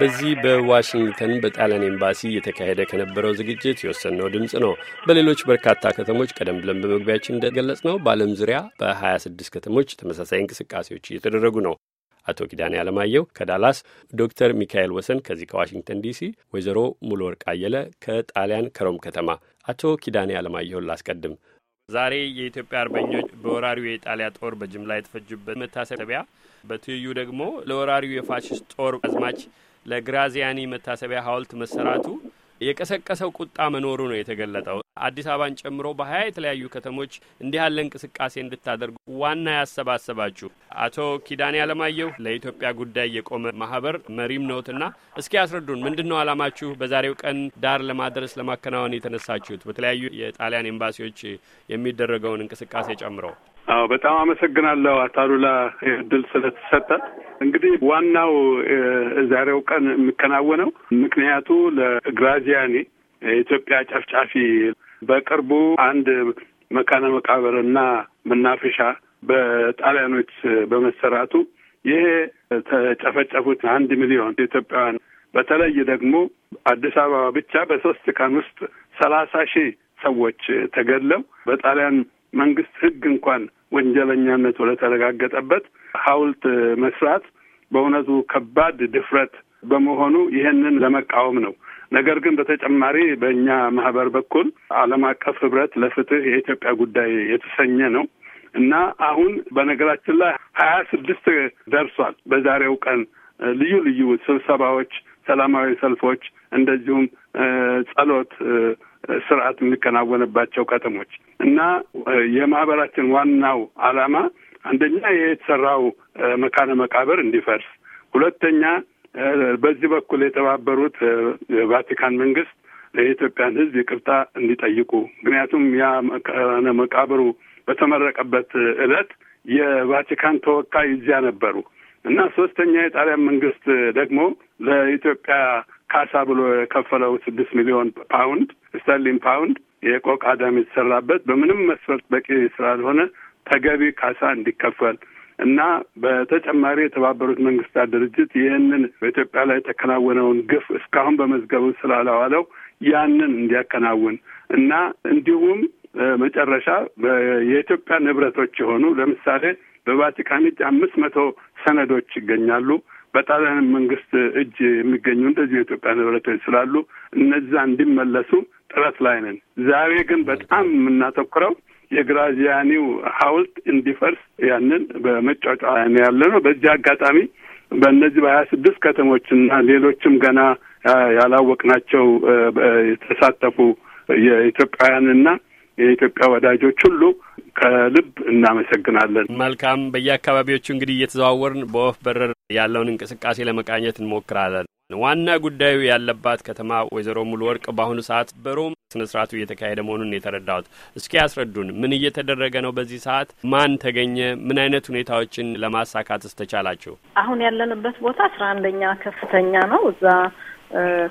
በዚህ በዋሽንግተን በጣሊያን ኤምባሲ እየተካሄደ ከነበረው ዝግጅት የወሰነው ድምፅ ነው። በሌሎች በርካታ ከተሞች ቀደም ብለን በመግቢያችን እንደገለጽ ነው በዓለም ዙሪያ በ26 ከተሞች ተመሳሳይ እንቅስቃሴዎች እየተደረጉ ነው። አቶ ኪዳኔ አለማየሁ ከዳላስ፣ ዶክተር ሚካኤል ወሰን ከዚህ ከዋሽንግተን ዲሲ፣ ወይዘሮ ሙሉ ወርቅ አየለ ከጣሊያን ከሮም ከተማ። አቶ ኪዳኔ አለማየሁን ላስቀድም። ዛሬ የኢትዮጵያ አርበኞች በወራሪው የኢጣሊያ ጦር በጅምላ የተፈጁበት መታሰቢያ፣ በትይዩ ደግሞ ለወራሪው የፋሽስት ጦር አዝማች ለግራዚያኒ መታሰቢያ ሐውልት መሰራቱ የቀሰቀሰው ቁጣ መኖሩ ነው የተገለጠው። አዲስ አበባን ጨምሮ በሀያ የተለያዩ ከተሞች እንዲህ ያለ እንቅስቃሴ እንድታደርጉ ዋና ያሰባሰባችሁ አቶ ኪዳኔ አለማየሁ ለኢትዮጵያ ጉዳይ የቆመ ማህበር መሪም ነዎትና እስኪ ያስረዱን ምንድን ነው አላማችሁ? በዛሬው ቀን ዳር ለማድረስ ለማከናወን የተነሳችሁት በተለያዩ የጣሊያን ኤምባሲዎች የሚደረገውን እንቅስቃሴ ጨምሮ አዎ በጣም አመሰግናለሁ አቶ አሉላ እድል ስለተሰጠ። እንግዲህ ዋናው ዛሬው ቀን የሚከናወነው ምክንያቱ ለግራዚያኒ የኢትዮጵያ ጨፍጫፊ በቅርቡ አንድ መካነ መቃብር እና መናፈሻ በጣሊያኖች በመሰራቱ ይሄ ተጨፈጨፉት አንድ ሚሊዮን ኢትዮጵያውያን በተለይ ደግሞ አዲስ አበባ ብቻ በሶስት ቀን ውስጥ ሰላሳ ሺህ ሰዎች ተገድለው በጣሊያን መንግስት ህግ እንኳን ወንጀለኛነት ወደተረጋገጠበት ሀውልት መስራት በእውነቱ ከባድ ድፍረት በመሆኑ ይህንን ለመቃወም ነው። ነገር ግን በተጨማሪ በእኛ ማህበር በኩል ዓለም አቀፍ ህብረት ለፍትህ የኢትዮጵያ ጉዳይ የተሰኘ ነው እና አሁን በነገራችን ላይ ሀያ ስድስት ደርሷል። በዛሬው ቀን ልዩ ልዩ ስብሰባዎች፣ ሰላማዊ ሰልፎች እንደዚሁም ጸሎት ስርዓት የሚከናወንባቸው ከተሞች እና የማህበራችን ዋናው ዓላማ አንደኛ የተሰራው መካነ መቃብር እንዲፈርስ፣ ሁለተኛ በዚህ በኩል የተባበሩት ቫቲካን መንግስት የኢትዮጵያን ሕዝብ ይቅርታ እንዲጠይቁ ምክንያቱም ያ መካነ መቃብሩ በተመረቀበት ዕለት የቫቲካን ተወካይ እዚያ ነበሩ እና ሶስተኛ የጣሊያን መንግስት ደግሞ ለኢትዮጵያ ካሳ ብሎ የከፈለው ስድስት ሚሊዮን ፓውንድ ስተርሊን ፓውንድ የቆቅ አዳም የተሰራበት በምንም መስፈርት በቂ ስላልሆነ ተገቢ ካሳ እንዲከፈል እና በተጨማሪ የተባበሩት መንግስታት ድርጅት ይህንን በኢትዮጵያ ላይ የተከናወነውን ግፍ እስካሁን በመዝገቡ ስላላዋለው ያንን እንዲያከናውን እና እንዲሁም መጨረሻ የኢትዮጵያ ንብረቶች የሆኑ ለምሳሌ በቫቲካን እጅ አምስት መቶ ሰነዶች ይገኛሉ። በጣሊያን መንግስት እጅ የሚገኙ እንደዚሁ የኢትዮጵያ ንብረቶች ስላሉ እነዛ እንዲመለሱ ጥረት ላይ ነን። ዛሬ ግን በጣም የምናተኩረው የግራዚያኒው ሐውልት እንዲፈርስ ያንን በመጫጫ ያለ ነው። በዚህ አጋጣሚ በእነዚህ በሀያ ስድስት ከተሞች እና ሌሎችም ገና ያላወቅናቸው የተሳተፉ የኢትዮጵያውያንና የኢትዮጵያ ወዳጆች ሁሉ ከልብ እናመሰግናለን። መልካም። በየአካባቢዎቹ እንግዲህ እየተዘዋወርን በወፍ በረር ያለውን እንቅስቃሴ ለመቃኘት እንሞክራለን። ዋና ጉዳዩ ያለባት ከተማ ወይዘሮ ሙሉ ወርቅ በአሁኑ ሰዓት በሮም ስነ ስርዓቱ እየተካሄደ መሆኑን የተረዳሁት። እስኪ ያስረዱን፣ ምን እየተደረገ ነው? በዚህ ሰዓት ማን ተገኘ? ምን አይነት ሁኔታዎችን ለማሳካትስ ተቻላችሁ? አሁን ያለንበት ቦታ አስራ አንደኛ ከፍተኛ ነው። እዛ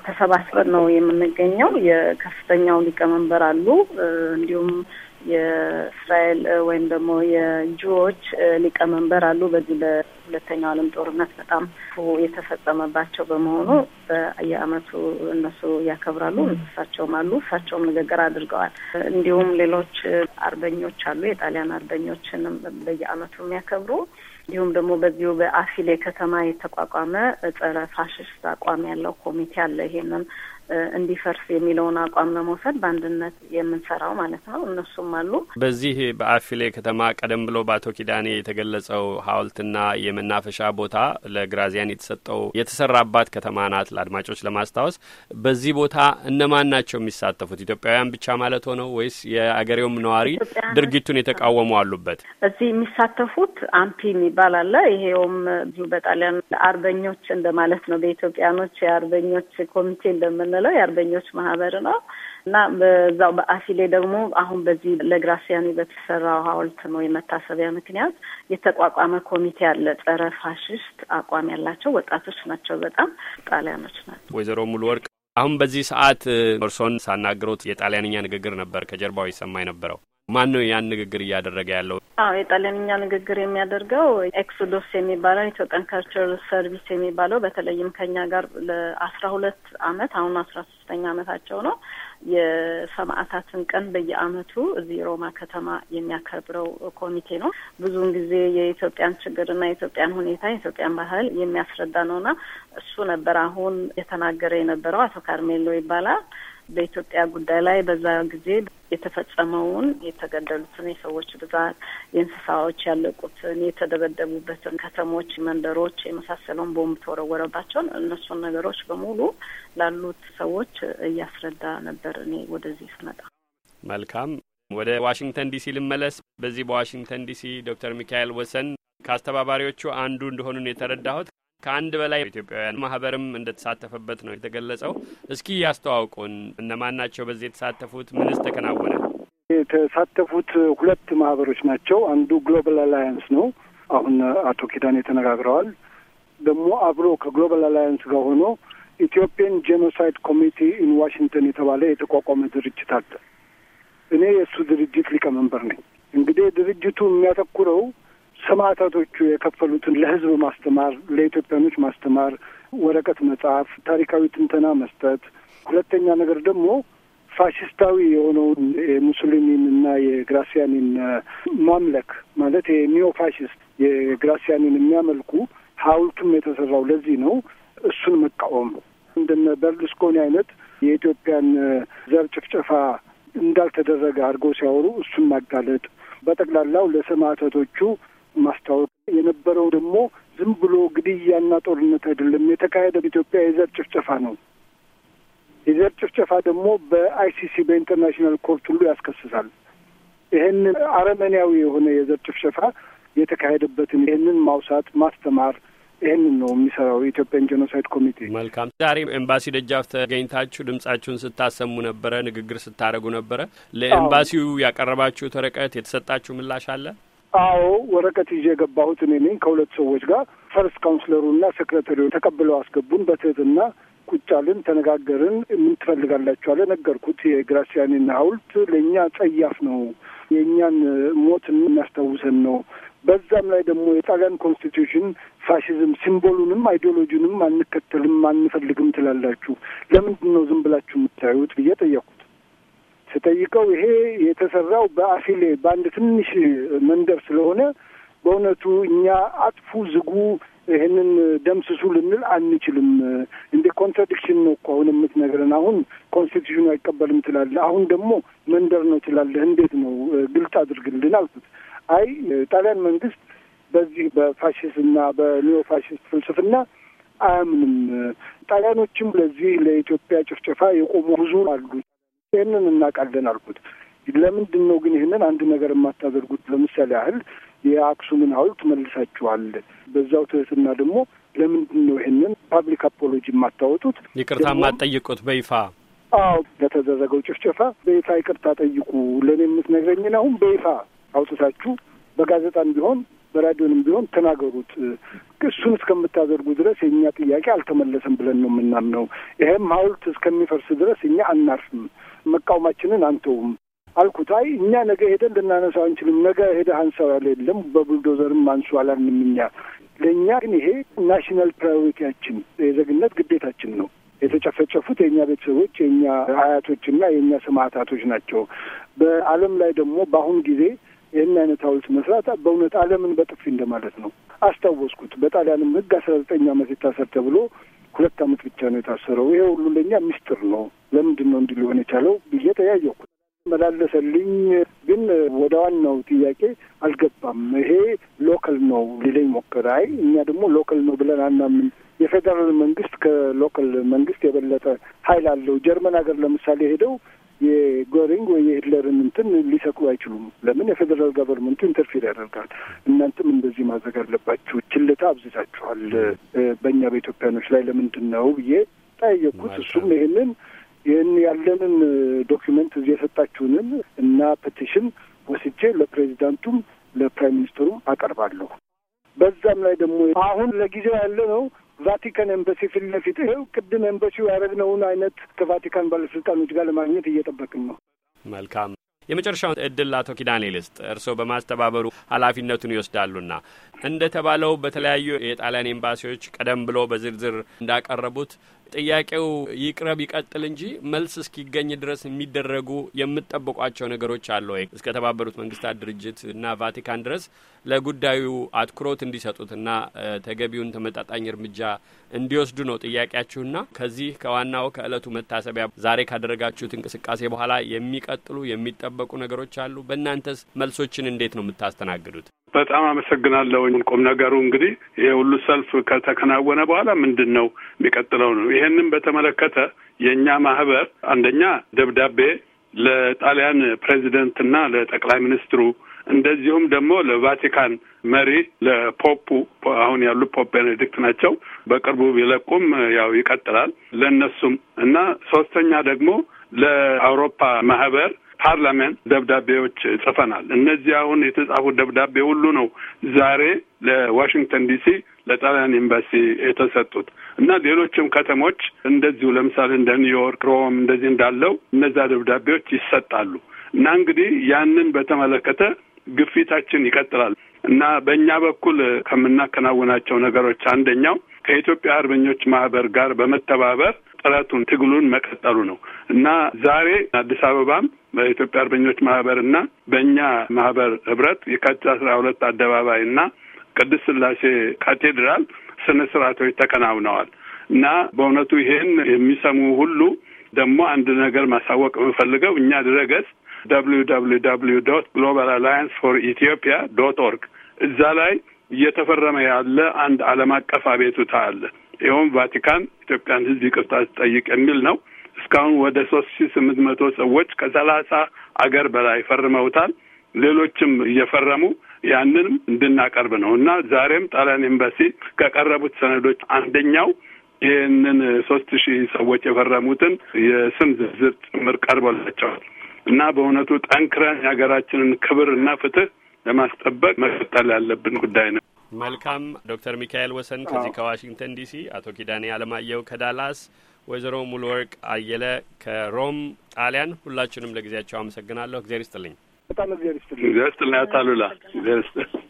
ተሰባስበን ነው የምንገኘው። የከፍተኛው ሊቀመንበር አሉ እንዲሁም የእስራኤል ወይም ደግሞ የጂዎች ሊቀመንበር አሉ። በዚህ በሁለተኛው ዓለም ጦርነት በጣም የተፈጸመባቸው በመሆኑ በየአመቱ እነሱ ያከብራሉ። እሳቸውም አሉ። እሳቸውም ንግግር አድርገዋል። እንዲሁም ሌሎች አርበኞች አሉ። የጣሊያን አርበኞችንም በየአመቱ የሚያከብሩ እንዲሁም ደግሞ በዚሁ በአፊሌ ከተማ የተቋቋመ ጸረ ፋሽስት አቋም ያለው ኮሚቴ አለ። ይሄንን እንዲፈርስ የሚለውን አቋም ለመውሰድ በአንድነት የምንሰራው ማለት ነው። እነሱም አሉ። በዚህ በአፊሌ ከተማ ቀደም ብሎ በአቶ ኪዳኔ የተገለጸው ሀውልትና የመናፈሻ ቦታ ለግራዚያን የተሰጠው የተሰራባት ከተማ ናት። ለአድማጮች ለማስታወስ በዚህ ቦታ እነማን ናቸው የሚሳተፉት? ኢትዮጵያውያን ብቻ ማለት ሆነው ወይስ የአገሬውም ነዋሪ ድርጊቱን የተቃወሙ አሉበት? እዚህ የሚሳተፉት አምፒ የሚባል አለ። ይሄውም በጣሊያን አርበኞች እንደማለት ነው። በኢትዮጵያኖች የአርበኞች ኮሚቴ እንደምን የምንለው የአርበኞች ማህበር ነው እና በዛው በአፊሌ ደግሞ አሁን በዚህ ለግራሲያኒ በተሰራው ሀውልት ነው የመታሰቢያ ምክንያት የተቋቋመ ኮሚቴ አለ። ጸረ ፋሽስት አቋም ያላቸው ወጣቶች ናቸው። በጣም ጣሊያኖች ናቸው። ወይዘሮ ሙሉ ወርቅ አሁን በዚህ ሰዓት እርሶን ሳናግሮት የጣሊያንኛ ንግግር ነበር ከጀርባው ይሰማ የነበረው ማን ነው ያን ንግግር እያደረገ ያለው? አዎ የጣሊያንኛ ንግግር የሚያደርገው ኤክሶዶስ የሚባለው ኢትዮጵያን ካልቸር ሰርቪስ የሚባለው በተለይም ከኛ ጋር ለአስራ ሁለት አመት አሁን አስራ ሶስተኛ አመታቸው ነው የሰማዕታትን ቀን በየአመቱ እዚህ ሮማ ከተማ የሚያከብረው ኮሚቴ ነው። ብዙውን ጊዜ የኢትዮጵያን ችግርና የኢትዮጵያን ሁኔታ የኢትዮጵያን ባህል የሚያስረዳ ነውና እሱ ነበር አሁን የተናገረ የነበረው አቶ ካርሜሎ ይባላል። በኢትዮጵያ ጉዳይ ላይ በዛ ጊዜ የተፈጸመውን የተገደሉትን የሰዎች ብዛት፣ የእንስሳዎች ያለቁትን፣ የተደበደቡበትን ከተሞች፣ መንደሮች የመሳሰለውን ቦምብ ተወረወረባቸውን እነሱን ነገሮች በሙሉ ላሉት ሰዎች እያስረዳ ነበር። እኔ ወደዚህ ስመጣ መልካም ወደ ዋሽንግተን ዲሲ ልመለስ። በዚህ በዋሽንግተን ዲሲ ዶክተር ሚካኤል ወሰን ከአስተባባሪዎቹ አንዱ እንደሆኑን የተረዳሁት ከአንድ በላይ ኢትዮጵያውያን ማህበርም እንደተሳተፈበት ነው የተገለጸው። እስኪ ያስተዋውቁን፣ እነማን ናቸው በዚህ የተሳተፉት? ምንስ ተከናወነ? የተሳተፉት ሁለት ማህበሮች ናቸው። አንዱ ግሎባል አላያንስ ነው። አሁን አቶ ኪዳኔ ተነጋግረዋል። ደግሞ አብሮ ከግሎባል አላያንስ ጋር ሆኖ ኢትዮጵያን ጄኖሳይድ ኮሚቴ ኢን ዋሽንግተን የተባለ የተቋቋመ ድርጅት አለ። እኔ የእሱ ድርጅት ሊቀመንበር ነኝ። እንግዲህ ድርጅቱ የሚያተኩረው ሰማዕታቶቹ የከፈሉትን ለህዝብ ማስተማር፣ ለኢትዮጵያኖች ማስተማር፣ ወረቀት መጽሐፍ፣ ታሪካዊ ትንተና መስጠት፣ ሁለተኛ ነገር ደግሞ ፋሽስታዊ የሆነውን የሙሶሊኒን እና የግራሲያኒን ማምለክ ማለት የኒዮ ፋሽስት የግራሲያኒን የሚያመልኩ ሀውልቱም የተሰራው ለዚህ ነው። እሱን መቃወም እንደነ በርሉስኮኒ አይነት የኢትዮጵያን ዘር ጭፍጨፋ እንዳልተደረገ አድርገው ሲያወሩ እሱን ማጋለጥ፣ በጠቅላላው ለሰማዕታቶቹ ማስታወቅ የነበረው ደግሞ ዝም ብሎ ግድያና ጦርነት አይደለም የተካሄደ ኢትዮጵያ የዘር ጭፍጨፋ ነው። የዘር ጭፍጨፋ ደግሞ በአይሲሲ በኢንተርናሽናል ኮርት ሁሉ ያስከስሳል። ይህንን አረመኔያዊ የሆነ የዘር ጭፍጨፋ የተካሄደበትን ይህንን ማውሳት ማስተማር ይህንን ነው የሚሰራው የኢትዮጵያን ጄኖሳይድ ኮሚቴ። መልካም። ዛሬ ኤምባሲ ደጃፍ ተገኝታችሁ ድምጻችሁን ስታሰሙ ነበረ፣ ንግግር ስታደረጉ ነበረ። ለኤምባሲው ያቀረባችሁ ወረቀት የተሰጣችሁ ምላሽ አለ? አዎ ወረቀት ይዤ የገባሁት እኔ ነኝ ከሁለት ሰዎች ጋር ፈርስት ካውንስለሩና ሴክሬታሪው ተቀብለው አስገቡን። በትህትና ቁጫልን ተነጋገርን። ምን ትፈልጋላችሁ አለ። ነገርኩት። የግራሲያኒና ሀውልት ለእኛ ጸያፍ ነው፣ የእኛን ሞት የሚያስታውሰን ነው። በዛም ላይ ደግሞ የጣሊያን ኮንስቲቱሽን ፋሽዝም ሲምቦሉንም አይዲዮሎጂንም አንከተልም አንፈልግም ትላላችሁ፣ ለምንድን ነው ዝም ብላችሁ የምታዩት ብዬ ጠየቅኩት። ስጠይቀው ይሄ የተሰራው በአፊሌ በአንድ ትንሽ መንደር ስለሆነ በእውነቱ እኛ አጥፉ፣ ዝጉ፣ ይህንን ደምስሱ ልንል አንችልም። እንደ ኮንትራዲክሽን ነው እኮ አሁን የምትነግረን። አሁን ኮንስቲቱሽኑ አይቀበልም ትላለህ፣ አሁን ደግሞ መንደር ነው ትላለህ። እንዴት ነው ግልጽ አድርግልን አልኩት። አይ ጣሊያን መንግስት በዚህ በፋሽስትና በኒዮ ፋሽስት ፍልስፍና አያምንም። ጣሊያኖችም ለዚህ ለኢትዮጵያ ጭፍጨፋ የቆሙ ብዙ አሉ። ይህንን እናውቃለን አልኩት። ለምንድን ነው ግን ይህንን አንድ ነገር የማታደርጉት? ለምሳሌ ያህል የአክሱምን ሐውልት መልሳችኋል። በዛው ትህትና ደግሞ ለምንድን ነው ይህንን ፓብሊክ አፖሎጂ የማታወጡት? ይቅርታ የማትጠይቁት በይፋ አዎ፣ ለተደረገው ጭፍጨፋ በይፋ ይቅርታ ጠይቁ። ለእኔ የምትነግረኝን አሁን በይፋ አውጥታችሁ በጋዜጣም ቢሆን በራዲዮንም ቢሆን ተናገሩት። እሱን እስከምታደርጉ ድረስ የእኛ ጥያቄ አልተመለሰም ብለን ነው የምናምነው። ይሄም ሐውልት እስከሚፈርስ ድረስ እኛ አናርፍም። መቃወማችንን አንተውም አልኩት። አይ እኛ ነገ ሄደን ልናነሳው አንችልም። ነገ ሄደ አንሳው ያለ የለም። በቡልዶዘርም አንሱ አላልንም እኛ። ለእኛ ግን ይሄ ናሽናል ፕራዮሪቲያችን የዜግነት ግዴታችን ነው። የተጨፈጨፉት የእኛ ቤተሰቦች የእኛ አያቶችና የእኛ ሰማዕታቶች ናቸው። በዓለም ላይ ደግሞ በአሁን ጊዜ ይህን አይነት ሐውልት መስራት በእውነት ዓለምን በጥፊ እንደማለት ነው። አስታወስኩት። በጣሊያንም ሕግ አስራ ዘጠኝ ዓመት ይታሰር ተብሎ ሁለት አመት ብቻ ነው የታሰረው። ይሄ ሁሉ ለእኛ ምስጢር ነው። ለምንድን ነው እንዲህ ሊሆን የቻለው ብዬ ተያየኩ። መላለሰልኝ፣ ግን ወደ ዋናው ጥያቄ አልገባም። ይሄ ሎከል ነው ሊለኝ ሞከረ። አይ እኛ ደግሞ ሎከል ነው ብለን አናምን የፌዴራል መንግስት ከሎካል መንግስት የበለጠ ኃይል አለው። ጀርመን ሀገር ለምሳሌ ሄደው የጎሪንግ ወይ የሂትለርን እንትን ሊሰቅሉ አይችሉም። ለምን? የፌዴራል ገቨርንመንቱ ኢንተርፌር ያደርጋል። እናንተም እንደዚህ ማድረግ አለባችሁ፣ ችልታ አብዝታችኋል በእኛ በኢትዮጵያኖች ላይ ለምንድን ነው ብዬ ጠየኩት። እሱም ይህንን ይህን ያለንን ዶኪመንት እዚህ የሰጣችሁንን እና ፔቲሽን ወስጄ ለፕሬዚዳንቱም ለፕራይም ሚኒስትሩም አቀርባለሁ። በዛም ላይ ደግሞ አሁን ለጊዜው ያለ ነው ቫቲካን ኤምባሲ ፊት ለፊት ይኸው ቅድም ኤምባሲው ያደረግነውን አይነት ከቫቲካን ባለስልጣኖች ጋር ለማግኘት እየጠበቅን ነው። መልካም የመጨረሻውን እድል አቶ ኪዳኔ ልስጥ። እርስዎ በማስተባበሩ ኃላፊነቱን ይወስዳሉና እንደተባለው በተለያዩ የጣሊያን ኤምባሲዎች ቀደም ብሎ በዝርዝር እንዳቀረቡት ጥያቄው ይቅረብ ይቀጥል እንጂ መልስ እስኪገኝ ድረስ የሚደረጉ የምጠብቋቸው ነገሮች አሉ ወይ? እስከ ተባበሩት መንግስታት ድርጅት እና ቫቲካን ድረስ ለጉዳዩ አትኩሮት እና ተገቢውን ተመጣጣኝ እርምጃ እንዲወስዱ ነው ጥያቄያችሁና ከዚህ ከዋናው ከእለቱ መታሰቢያ ዛሬ ካደረጋችሁት እንቅስቃሴ በኋላ የሚቀጥሉ የሚጠበቁ ነገሮች አሉ። በእናንተስ መልሶችን እንዴት ነው የምታስተናግዱት? በጣም አመሰግናለሁ። ቁም ነገሩ እንግዲህ ይሄ ሁሉ ሰልፍ ከተከናወነ በኋላ ምንድን ነው የሚቀጥለው ነው። ይሄንን በተመለከተ የእኛ ማህበር አንደኛ ደብዳቤ ለጣሊያን ፕሬዚደንትና ለጠቅላይ ሚኒስትሩ እንደዚሁም ደግሞ ለቫቲካን መሪ ለፖፑ አሁን ያሉ ፖፕ ቤኔዲክት ናቸው። በቅርቡ ቢለቁም ያው ይቀጥላል ለእነሱም እና ሶስተኛ ደግሞ ለአውሮፓ ማህበር ፓርላመንት ደብዳቤዎች ጽፈናል። እነዚህ አሁን የተጻፉ ደብዳቤ ሁሉ ነው ዛሬ ለዋሽንግተን ዲሲ ለጣሊያን ኤምባሲ የተሰጡት እና ሌሎችም ከተሞች እንደዚሁ ለምሳሌ እንደ ኒውዮርክ፣ ሮም እንደዚህ እንዳለው እነዛ ደብዳቤዎች ይሰጣሉ እና እንግዲህ ያንን በተመለከተ ግፊታችን ይቀጥላል እና በእኛ በኩል ከምናከናውናቸው ነገሮች አንደኛው ከኢትዮጵያ አርበኞች ማህበር ጋር በመተባበር ጥረቱን ትግሉን መቀጠሉ ነው እና ዛሬ አዲስ አበባም በኢትዮጵያ አርበኞች ማህበር እና በእኛ ማህበር ህብረት የካቲት አስራ ሁለት አደባባይ እና ቅዱስ ስላሴ ካቴድራል ስነ ስርዓቶች ተከናውነዋል እና በእውነቱ ይሄን የሚሰሙ ሁሉ ደግሞ አንድ ነገር ማሳወቅ የምፈልገው እኛ ድረገጽ ዩ ግሎባል አላያንስ ፎር ኢትዮጵያ ዶት ኦርግ እዛ ላይ እየተፈረመ ያለ አንድ ዓለም አቀፍ አቤቱታ አለ። ይኸውም ቫቲካን ኢትዮጵያን ህዝብ ይቅርታ ትጠይቅ የሚል ነው። እስካሁን ወደ ሶስት ሺ ስምንት መቶ ሰዎች ከሰላሳ አገር በላይ ፈርመውታል። ሌሎችም እየፈረሙ ያንንም እንድናቀርብ ነው እና ዛሬም ጣሊያን ኤምባሲ ከቀረቡት ሰነዶች አንደኛው ይህንን ሶስት ሺህ ሰዎች የፈረሙትን የስም ዝርዝር ጭምር ቀርቦላቸዋል እና በእውነቱ ጠንክረን የሀገራችንን ክብር እና ፍትህ ለማስጠበቅ መቀጠል ያለብን ጉዳይ ነው። መልካም ዶክተር ሚካኤል ወሰን ከዚህ ከዋሽንግተን ዲሲ፣ አቶ ኪዳኔ አለማየሁ ከዳላስ፣ ወይዘሮ ሙሉወርቅ አየለ ከሮም ጣሊያን፣ ሁላችሁንም ለጊዜያቸው አመሰግናለሁ። እግዜር ይስጥልኝ። በጣም እግዜር ይስጥልኝ። እግዜር ይስጥልኝ። አታሉላ እግዜር ይስጥልኝ።